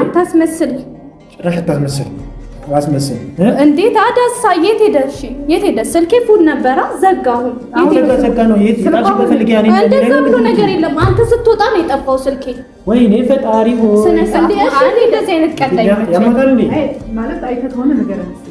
አታስመስል፣ ጭራሽ አታስመስል። አስመስል እንዴ ታዲያ እሳ የት ሄደሽ? የት ሄደ? ስልኬ ፉል ነበራ ዘጋ ነው ብሎ ነገር የለም። አንተ ስትወጣ ነው የጠፋው ስልኬ። ወይኔ ፈጣሪ ሆይ! እንደዚህ አይነት ቀልድ ማለት አይፈት ሆነ ነገር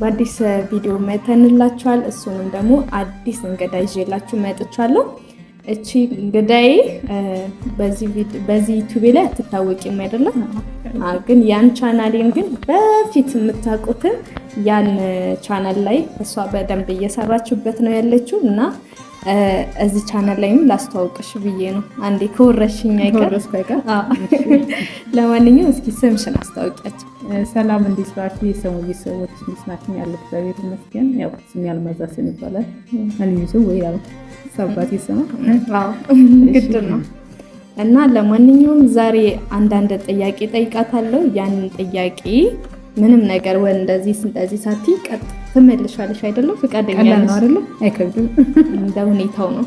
በአዲስ ቪዲዮ መተንላችኋል። እሱንም ደግሞ አዲስ እንግዳ ይዤላችሁ መጥቻለሁ። እቺ እንግዳዬ በዚህ ዩቱቤ ላይ አትታወቂም አይደለም? ግን ያን ቻናሌን ግን በፊት የምታውቁትን ያን ቻናል ላይ እሷ በደንብ እየሰራችበት ነው ያለችው እና እዚህ ቻናል ላይም ላስተዋውቅሽ ብዬ ነው። አንዴ ከወረሽኝ አይቀር። ለማንኛውም እስኪ ስምሽን አስታወቂያቸው። ሰላም፣ እንዴት ናችሁ? የሰሙ ሰዎች እንዴት ናችሁ? ያለው እግዚአብሔር ይመስገን። ያው ስሜ አልማዛ ስም ይባላል። አንሚሱ ወይ ያው ሰባት ይሰማ ግድ ነው እና ለማንኛውም ዛሬ አንዳንድ ጥያቄ ጠይቃታለሁ። ያንን ጥያቄ ምንም ነገር ወይ እንደዚህ ስንጠዚህ ሳትይ ቀጥ ትመልሻለሽ አይደለም? ፍቃደኛ ነው አይደለም? አይከብድም። እንደ ሁኔታው ነው።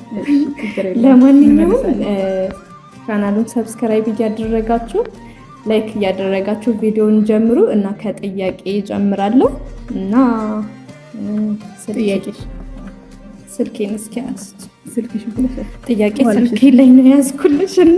ለማንኛውም ቻናሉን ሰብስክራይብ እያደረጋችሁ ላይክ እያደረጋችሁ ቪዲዮን ጀምሩ እና ከጥያቄ ጀምራለሁ እና ጥያቄ ስልኬን እስኪ ያዝ። ጥያቄ ስልኬ ላይ ነው ያዝኩልሽ እና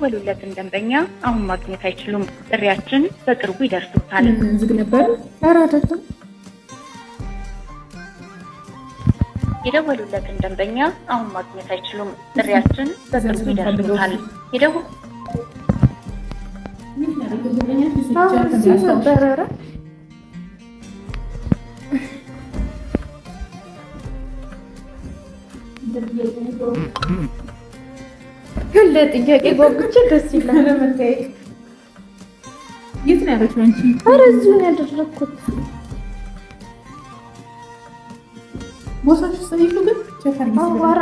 የደወሉለትን ደንበኛ አሁን ማግኘት አይችሉም። ጥሪያችን በቅርቡ ይደርሱታል። ዝግ ነበር። የደወሉለትን ደንበኛ አሁን ማግኘት አይችሉም። ጥሪያችን በቅርቡ ይደርሱታል። የደወሉ ጥያቄ ጓጉቼ ደስ ይላል። የት ነው ያለችው አንቺ? ኧረ እዚሁ ነው ያደረኩት። ቦታሽ ሰይፉ ግን ቸፈር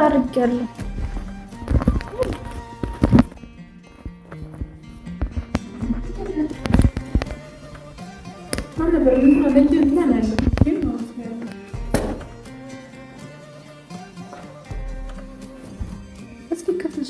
አድርጌያለሁ።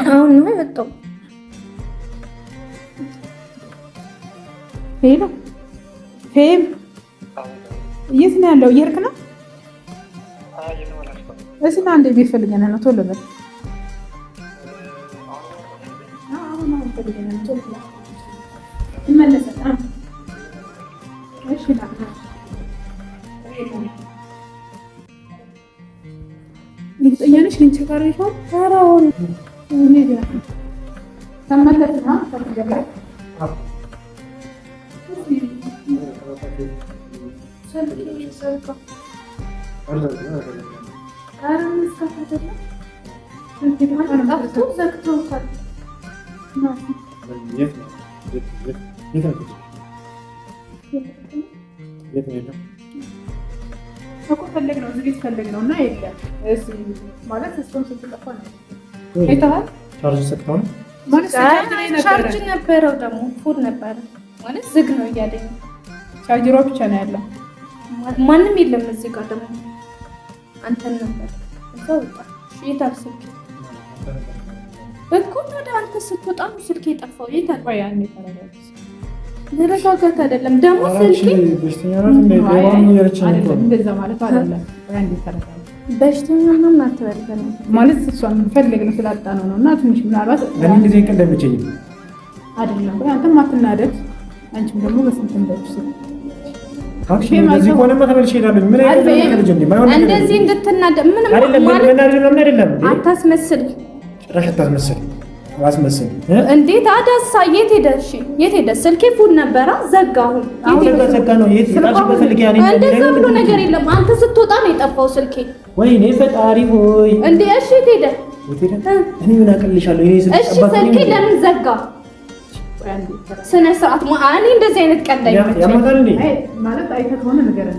አሁን ነው የመጣው። ሄሎ ፌም፣ የት ነው ያለው? እየሄድክ ነው? እስኪ ና እንደ ቤት ፈልገን ነው ቶሎ በል ቀሪሻል ታራውን እንዴት ተመለስና ተጀመረ እኮ ፈለግ ነው ዝግጅት ፈለግ ነው እና የለም ማለት እሱም ስትጠፋ ነው አይተሃል። ቻርጅ ሰጥተው ማለት ቻርጅ ነበረው ደግሞ ፉል ነበረ ማለት ዝግ ነው እያለኝ ቻርጅሯ ብቻ ነው ያለው። ማንም የለም እዚህ ጋር ደግሞ አንተን ነበር እዛ ወጣ የታል ስልክ እኮ ታዲያ አንተ ስትወጣ ስልክ የጠፋው የታል ያኔ ተረጋግጥ መረጋጋት አይደለም ደግሞ ስልኬ እንደዛ ማለት ማለት እሷ የምንፈልግ ነው ስላጣነው ነው። እና ትንሽ ምናልባት ለምን ጊዜ እንደምችል አይደለም። ቆይ አንተም አትናደድ፣ አንቺም ደግሞ በስንት እንደዚህ እንድትናደድ ምንም አይደለም። አታስመስል፣ ጭራሽ አታስመስል አስመስል እንዴ ታዲያ እሷ የት ሄደ? እሺ የት ሄደ? ስልኬ ፉል ነበራ ዘጋሁ። አሁን ዘጋ ነው የት እንደዛ ብሎ ነገር የለም። አንተ ስትወጣ ነው የጠፋው ስልኬ። ወይኔ ፈጣሪ ሆይ! እንዴ እሺ የት ሄደ? እኔ ምን አቅልሻለሁ? እሺ ስልኬ ለምን ዘጋ? ስነ ስርዓት እኔ እንደዚህ አይነት ቀልድ አይመቸኝም ማለት አይተህ ከሆነ ንገረን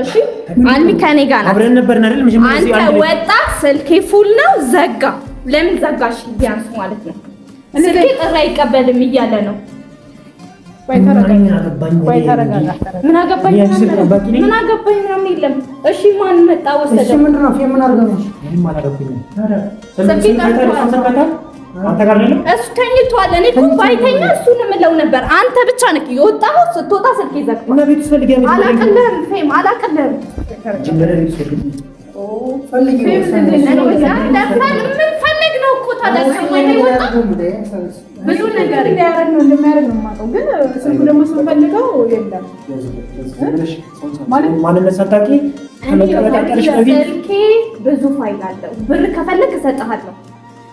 እሺ አንድ ከኔ ጋር ናት። አብረን ነበርን አይደል? መጀመሪያ አንተ ወጣ፣ ስልኬ ፉል ነው፣ ዘጋ። ለምን ዘጋሽ? ቢያንስ ማለት ነው ስልኬ ጥራ አይቀበልም እያለ ነው። ምን አገባኝ ምን የለም። እሺ ማን መጣ ወሰደ? እሱ ተኝቷል። እኔ እኮ ባይተኛ እሱን የምለው ነበር። አንተ ብቻ ነህ የወጣኸው። ስትወጣ ስልክ ይዘግባል። አላቅልህም ፌም፣ አላቅልህም። የምንፈልግ ነው እኮ ብዙ ነገር እንደሚያደርግ ነው የማውቀው፣ ግን ስልኩ ደግሞ ስንፈልገው የለም ማንነት ሳታውቂ ብዙ ፋይል አለው። ብር ከፈለግ እሰጥሃለሁ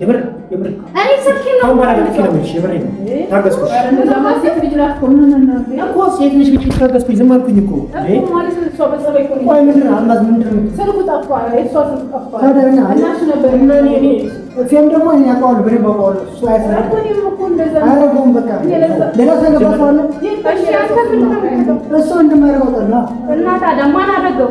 የምር የምር አይ ሰልኪ ነው ማለት ነው። ታገስኩኝ የምር ነው ታገስኩኝ። እኮ ሴት ልጅ ብቻ ታገስኩኝ። ዝም አልኩኝ እኮ እኔ ማለት ነው። ሰው በሰው ይቆይ ወይ ምን አማዝ ምን ነው ስልኩ ጠፋ። እሷ ስልኩ ጠፋ። ታዲያ እናሽ ነበር እና እኔ እኔ እዚያም ደግሞ እኔ አውቀዋለሁ ብሬ ባውቀዋለሁ እሱ አያደርገውም። በቃ ሌላ ሰው ገባዋለሁ እሱ እንደማያደርገው ጠላ እና ታዲያ ማን አደረገው?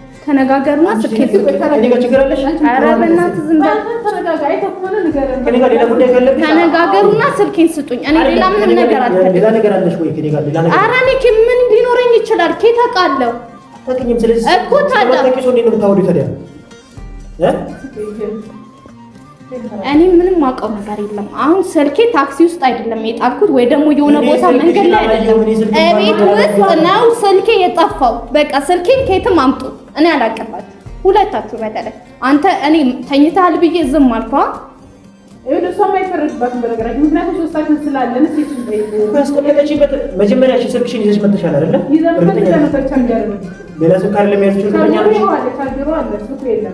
ተነጋገርና ስኬት ተነጋገሩና ስልኬን ስጡኝ። እኔ ሌላ ምንም ነገር አልፈልግም። ኧረ እኔ ምን ሊኖረኝ ይችላል? ኬት አውቃለሁ እኮ ታዲያ እኔ ምንም ማውቀው ነገር የለም። አሁን ስልኬ ታክሲ ውስጥ አይደለም የጣልኩት ወይ ደግሞ የሆነ ቦታ መንገድ ላይ አይደለም፣ እቤት ውስጥ ነው ስልኬ የጠፋው። በቃ ስልኬን ከየትም አምጡ። እኔ አላቀባት። ሁለታችሁ። በተለይ አንተ እኔ ተኝተሃል ብዬ ዝም አልኳ። ምክንያቱም ሶስታችን መጀመሪያ ስልክሽን ይዘሽ መጥተሻል አይደለ? ሌላ ሰው ካለ ለሚያዝችል ቻርጀሩ አለ፣ ቻርጀሩ አለ፣ የለም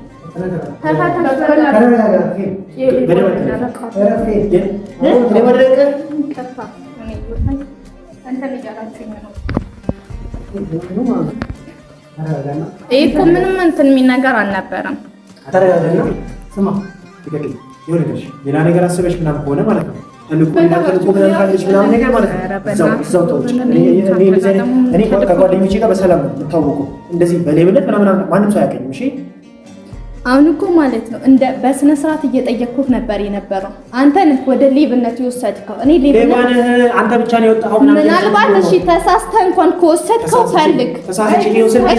ይህ እኮ ምንም እንትን የሚል አልነበረም። ሌላ ነገር አስበሽ ምናምን ከሆነ ማለት ነው እኔ ከጓደኞቼ ጋር በሰላም ታወቁ እንደዚህ በሌብነት ምናምን ማንም ሰው አያውቀኝም። አሁን እኮ ማለት ነው እንደ በስነ ስርዓት እየጠየቅኩት ነበር የነበረው። አንተ ነህ ወደ ሌብነት የወሰድከው እኔ ሌብነት አንተ ብቻ ነው የወጣኸው። ምናልባት እሺ ተሳስተህ እንኳን ከወሰድከው ፈልግ፣ እሺ ኪሱን ፈልግ።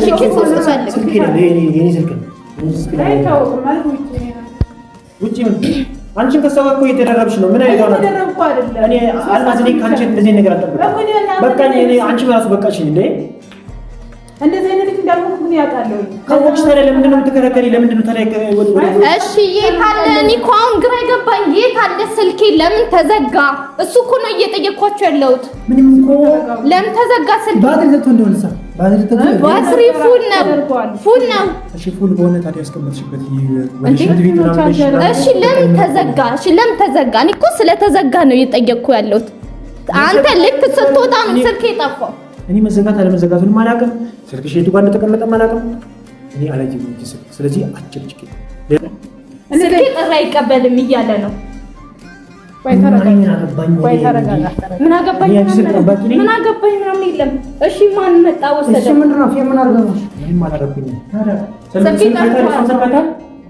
አንቺን ከእሷ ጋር እኮ እየተደረብሽ ነው። ምን አይነት እኔ አልማዝ፣ እኔ ከአንቺ እንደዚህ ነገር አልጠብቅም። በቃ እኔ አንቺ በራሱ በቃሽ እንዴ እንደዚህ አይነት እንዳልሆንኩ ምን ያውቃለሁ። ከፎቅሽ ታዲያ ለምንድን ነው የምትከራከሪ? ለምንድን ነው ታዲያ? እሺ የት አለ? እኔ እኮ አሁን ግራ ገባኝ። የት አለ ስልኬ? ለምን ተዘጋ? እሱ እኮ ነው እየጠየኳቸው ያለሁት። ምንም እኮ ለምን ተዘጋ ስልኬ? ባትሪ ዘግቶ እንደሆነ ሰው ባትሪ ፉል ነው፣ ፉል ነው። እሺ ፉል በሆነ ታዲያ ያስቀመጥሽበት እሺ፣ ለምን ተዘጋ? እሺ ለምን ተዘጋ? እኔ እኮ ስለተዘጋ ነው እየጠየቅኩ ያለሁት። አንተ ልክ ስትወጣ ነው ስልኬ የጠፋው። እኔ መዘጋት አለመዘጋቱንም አላውቅም። ስልክ የቱ ጋር እንደተቀመጠም አላውቅም። እኔ አላየሁም እንጂ ስልክ። ስለዚህ አጭብጭቅ ስልክ ጥሪ አይቀበልም እያለ ነው። ምን አገባኝ ምንም የለም። እሺ ማን መጣ ወሰደ? ምንድን ነው? ምን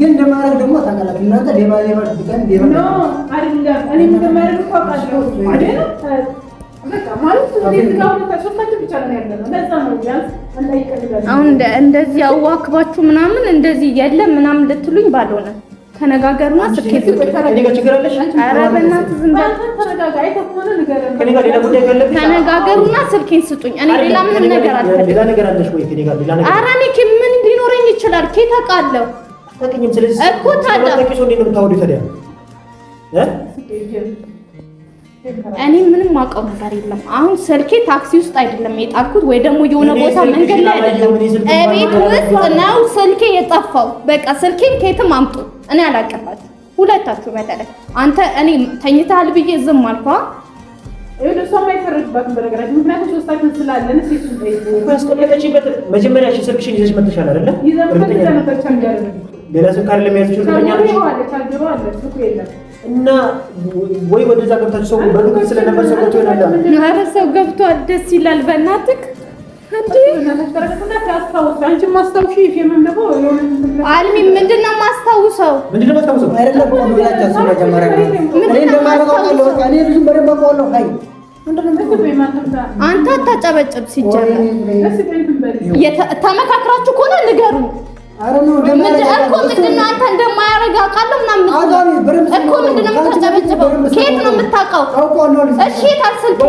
ግን እንደማድረግ ደግሞ ታውቃላችሁ እናንተ ሌባ ሌባ ድጋሚ ሌባ ነው አሁን እንደዚህ አዋክባችሁ ምናምን እንደዚህ የለም ምናምን ልትሉኝ ባልሆነ ተነጋገርና ስልኬት ተነጋገሩና ስልኬን ስጡኝ። እኔ ሌላ ምንም ነገር አልፈልግም። ኧረ እኔ ምን ሊኖረኝ ይችላል? ኬት አውቃለሁ እኮ ታዲያ እኔ ምንም አውቀው ነገር የለም። አሁን ስልኬ ታክሲ ውስጥ አይደለም የጣልኩት ወይ ደግሞ የሆነ ቦታ መንገድ ላይ አይደለም፣ እቤት ውስጥ ነው ስልኬ የጠፋው። በቃ ስልኬን ኬትም አምጡ እኔ አላቀፋት ሁለታችሁ በተለይ አንተ እኔ ተኝታል ብዬ ዝም አልኳ። እሱ አይፈረድባትም ምክንያቱም ስልክሽን ይዘሽ መጥተሻል አይደለ? ሌላ ሰው ካለ የሚያዝችው እና ወይ ወደዛ ገብታችሁ ሰው በዱቅ ስለነበር ሰው ገብቶ ይሆናል። ኧረ ሰው ገብቷል፣ ደስ ይላል። በእናትህ አልሚ ምንድን ነው የማስታውሰው? አንተ አታጨበጭብ። ሲጀመር ተመካክራችሁ ከሆነ ንገሩ እኮ ምንድን ነው አንተ እንደማያደርግ አውቃለሁ ምናምን እኮ ምንድን ነው የምታጨበጭበው? ከየት ነው የምታውቀው? እሺ የታል ስልኬ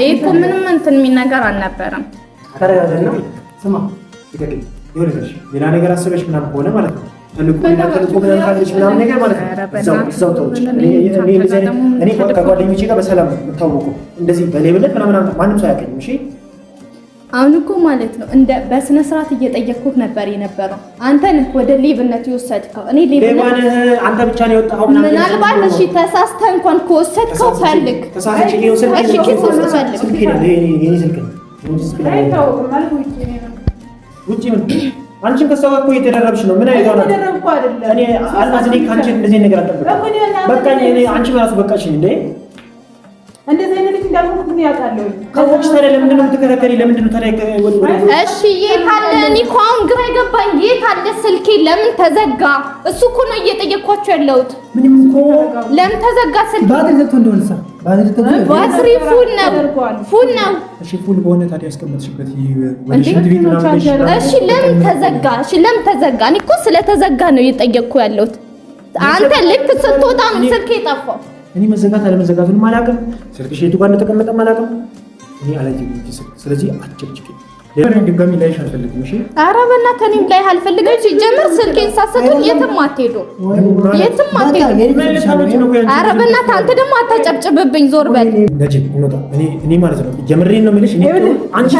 ይህ እኮ ምንም እንትን የሚነገር አልነበረም። ተረጋጋና ስማ፣ ይቀጥል። ይኸውልሽ ሌላ ነገር አስበሽ ምናምን ከሆነ ማለት ነው እኔ ከጓደኞቼ ጋር በሰላም የምታወቀው እንደዚህ በሌብነት ምናምን ማንም ሰው አያውቀኝም። አሁን እኮ ማለት ነው እንደ በስነ ስርዓት እየጠየቅኩት ነበር የነበረው። አንተ ነህ ወደ ሌብነት የወሰድከው። እኔ ሌብነት አንተ ብቻ ነው የወጣኸው። ምናልባት እሺ ተሳስተህ እንኳን ከወሰድከው ፈልግ። አንቺን ከሰው ጋር እኮ እየተደረብሽ ነው። ምን አይደው ነው? እኔ አልናዝኔ ካንቺ እንደዚህ ነገር አልጠብቅም። በቃ እኔ አንቺ በራሱ በቃሽ እንዴ እንደዚህ አይነት ልጅ እንዳልሆነ ምን ያውቃለሁ። ከፎቅሽ ታዲያ ለምንድን ነው የምትከታተሪ? ለምንድን ነው ታዲያ? እሺ የት አለ? እኔ እኮ አሁን ግራ የገባኝ የት አለ ስልኬ? ለምን ተዘጋ? እሱ እኮ ነው እየጠየኳቸው ያለሁት። ምንም እኮ ለምን ተዘጋ ስልኬ? ባትሪ ዘግቶ እንደሆነ እሷ ባትሪ ፉል ነው፣ ፉል ነው። እሺ ፉል በሆነ ታዲያ ያስቀመጥሽበት እሺ፣ ለምን ተዘጋ? እሺ ለምን ተዘጋ? እኔ እኮ ስለተዘጋ ነው እየጠየቅኩ ያለሁት። አንተ ልክ ስትወጣ ምን ስልኬ ጠፋው እኔ መዘጋት አለመዘጋቱን አላውቅም። ስልክሽ የቱ ጋር እንደተቀመጠም አላውቅም። እኔ አላየሁም ስለዚህ አትጨቅጭቅ። ድጋሚ ላይሽ አልፈልግም። እሺ፣ ኧረ በእናትህ እኔም ላይ አልፈልግም። ጀምር ስልኬን ሳሰጡኝ የትም አትሄዱም፣ የትም አትሄዱም። ኧረ በእናትህ አንተ ደግሞ አታጨብጭብብኝ፣ ዞር በል ነጅ እኔ ማለት ነው የምሬን ነው የምልሽ። አንቺ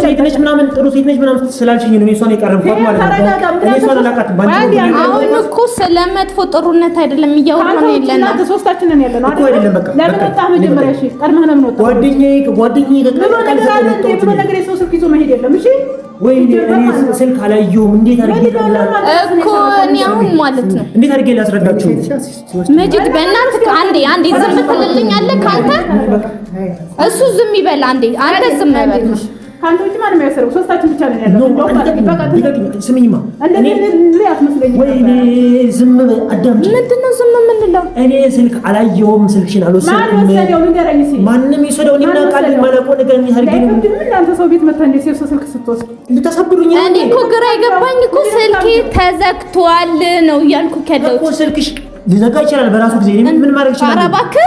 ጥሩ ሴት ምናምን ጥሩ ሴት ምናምን ስላልሽኝ ነው እሷን የቀረብኳት ማለት ነው። እኔ እሷን አላውቃትም። አሁን እኮ ስለመጥፎ ጥሩነት አይደለም እያወራን የለን አይደለም በቃ መጀመሪያ? እሺ ቀድመህ ለምን ወጣ? ጓደኛዬ ጓደኛዬ ነገር የሰው ስልክ ይዞ መሄድ የለም እሺ ወይ ስልክ አላየሁም። እንዴት አድርጌ እኮ እኔ አሁን ማለት ነው እንዴት አድርጌ ላስረዳችሁ? መጅድ በእናትህ አንዴ አንዴ ዝም ትልልኛለህ ካንተ እሱ ዝም ይበል አንዴ አንተ ዝም ይበል ከአንተ ውጭ ማንም አይሰሩም። ሶስታችን ብቻ ነን ያለው። ዝም በል ምንድን ነው ዝም የምንለው? እኔ ስልክ አላየሁም፣ ስልክሽን አልወሰድኩም። ግራ የገባኝ እኮ ስልኬ ተዘግቷል ነው እያልኩ ከደውኩ። ስልክሽ ሊዘጋ ይችላል በራሱ ጊዜ። ምን ማድረግ ይችላል? ኧረ እባክህ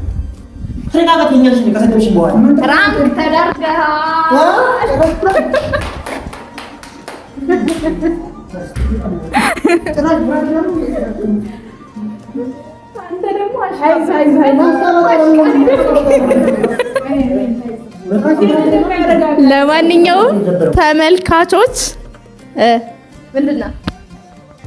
ተረጋጋተኛልሽ ከሰደብሽ ለማንኛውም ተመልካቾች ምንድን ነው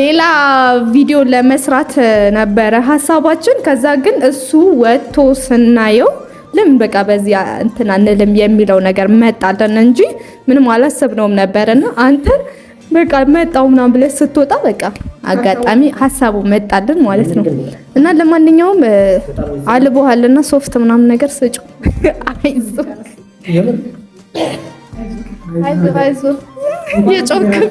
ሌላ ቪዲዮ ለመስራት ነበረ ሀሳባችን። ከዛ ግን እሱ ወጥቶ ስናየው ለምን በቃ በዚህ እንትን አንልም የሚለው ነገር መጣለን እንጂ ምንም አላሰብነውም ነበርና አንተ በቃ መጣው ምናምን ብለህ ስትወጣ በቃ አጋጣሚ ሀሳቡ መጣልን ማለት ነው። እና ለማንኛውም አልቦሃልና ሶፍት ምናምን ነገር ስጭው። አይዞህ አይዞህ አይዞህ የጮክብን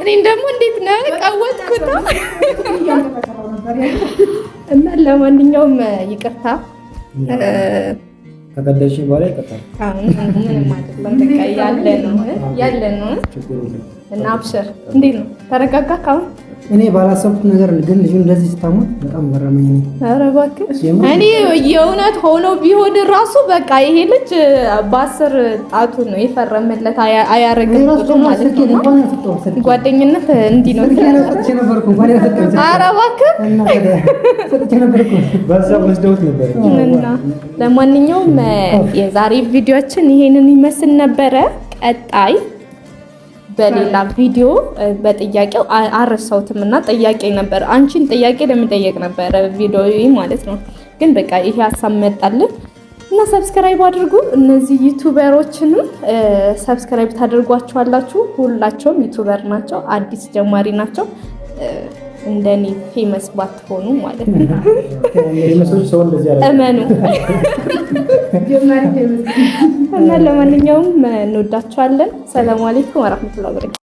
እኔም ደግሞ እንዴት ነህ ቀወጥኩት። እና ለማንኛውም ይቅርታ ከቀደሽ በኋላ ይቅርታ ያለ ነው ያለ ነው እና አብሽር፣ እንዴት ነው ተረጋጋ። ካሁን እኔ ባላሰብኩት ነገር ግን ልጁ እንደዚህ ስታሞት በጣም ገረመኝ። ኧረ እባክህ እኔ የእውነት ሆኖ ቢሆን ራሱ በቃ ይሄ ልጅ በአስር ጣቱ ነው የፈረመለት። አያረግም ማለት ነው። ጓደኝነት እንዲህ ነው። ኧረ እባክህ ለማንኛውም የዛሬ ቪዲዮችን ይሄንን ይመስል ነበረ። ቀጣይ በሌላ ቪዲዮ በጥያቄው አረሳውትም እና ጥያቄ ነበር፣ አንቺን ጥያቄ ለሚጠየቅ ነበረ ቪዲዮ ማለት ነው። ግን በቃ ይሄ ሀሳብ መጣልን እና ሰብስክራይብ አድርጉ። እነዚህ ዩቱበሮችንም ሰብስክራይብ ታደርጓቸዋላችሁ። ሁላቸውም ዩቱበር ናቸው፣ አዲስ ጀማሪ ናቸው። እንደኔ ፌመስ ባትሆኑ ማለት ነው። እመኑ እና ለማንኛውም እንወዳችኋለን። ሰላም አለይኩም ወራህመቱላሂ ወበረካቱ።